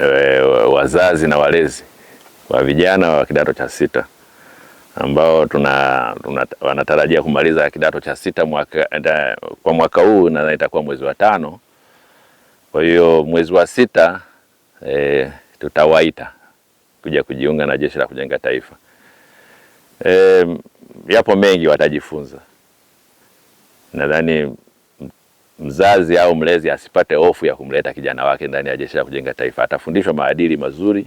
e, wazazi na walezi wa vijana wa kidato cha sita ambao tuna, tuna, wanatarajia kumaliza kidato cha sita mwaka, da, eh, kwa mwaka huu na itakuwa mwezi wa tano. Kwa hiyo mwezi wa sita e, tutawaita kuja kujiunga na Jeshi la Kujenga Taifa. E, yapo mengi watajifunza nadhani mzazi au mlezi asipate hofu ya kumleta kijana wake ndani ya Jeshi la Kujenga Taifa, atafundishwa maadili mazuri.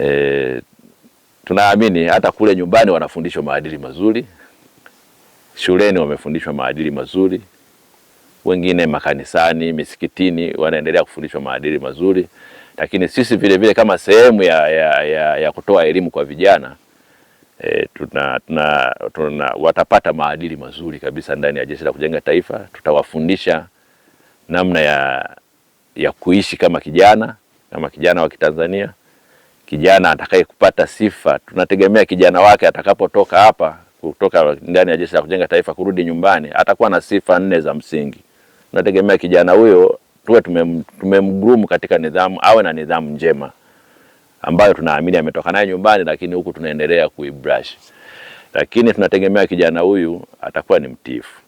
E, tunaamini hata kule nyumbani wanafundishwa maadili mazuri, shuleni wamefundishwa maadili mazuri, wengine makanisani, misikitini wanaendelea kufundishwa maadili mazuri, lakini sisi vilevile vile kama sehemu ya, ya, ya, ya kutoa elimu kwa vijana E, tuna, tuna, tuna, watapata maadili mazuri kabisa ndani ya Jeshi la Kujenga Taifa. Tutawafundisha namna ya, ya kuishi kama kijana kama kijana wa Kitanzania, kijana atakaye kupata sifa. Tunategemea kijana wake atakapotoka hapa kutoka ndani ya Jeshi la Kujenga Taifa kurudi nyumbani atakuwa na sifa nne za msingi. Tunategemea kijana huyo tuwe tumemgurumu katika nidhamu, awe na nidhamu njema ambayo tunaamini ametoka naye nyumbani, lakini huku tunaendelea kuibrush. Lakini tunategemea kijana huyu atakuwa ni mtifu.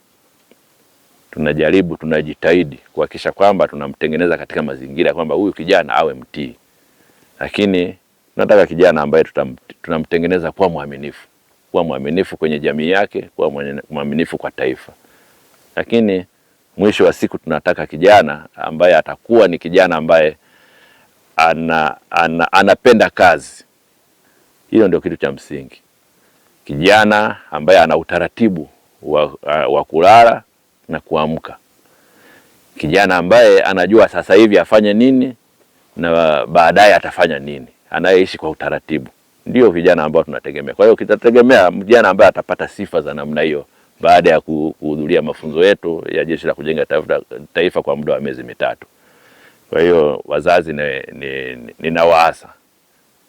Tunajaribu, tunajitahidi kuhakikisha kwamba tunamtengeneza katika mazingira kwamba huyu kijana awe mtii, lakini tunataka kijana ambaye tunamtengeneza kuwa mwaminifu, kuwa mwaminifu kwenye jamii yake, kuwa mwaminifu kwa taifa, lakini mwisho wa siku tunataka kijana ambaye atakuwa ni kijana ambaye ana, ana, anapenda kazi. Hilo ndio kitu cha msingi. Kijana ambaye ana utaratibu wa, wa kulala na kuamka, kijana ambaye anajua sasa hivi afanye nini na baadaye atafanya nini, anayeishi kwa utaratibu, ndio vijana ambao tunategemea. Kwa hiyo kitategemea vijana ambaye atapata sifa za namna hiyo baada ya kuhudhuria mafunzo yetu ya Jeshi la Kujenga Taifa kwa muda wa miezi mitatu. Kwa hiyo wazazi ninawaasa ni,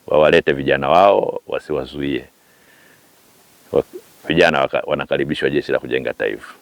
ni wawalete vijana wao, wasiwazuie vijana wanakaribishwa Jeshi la Kujenga Taifa.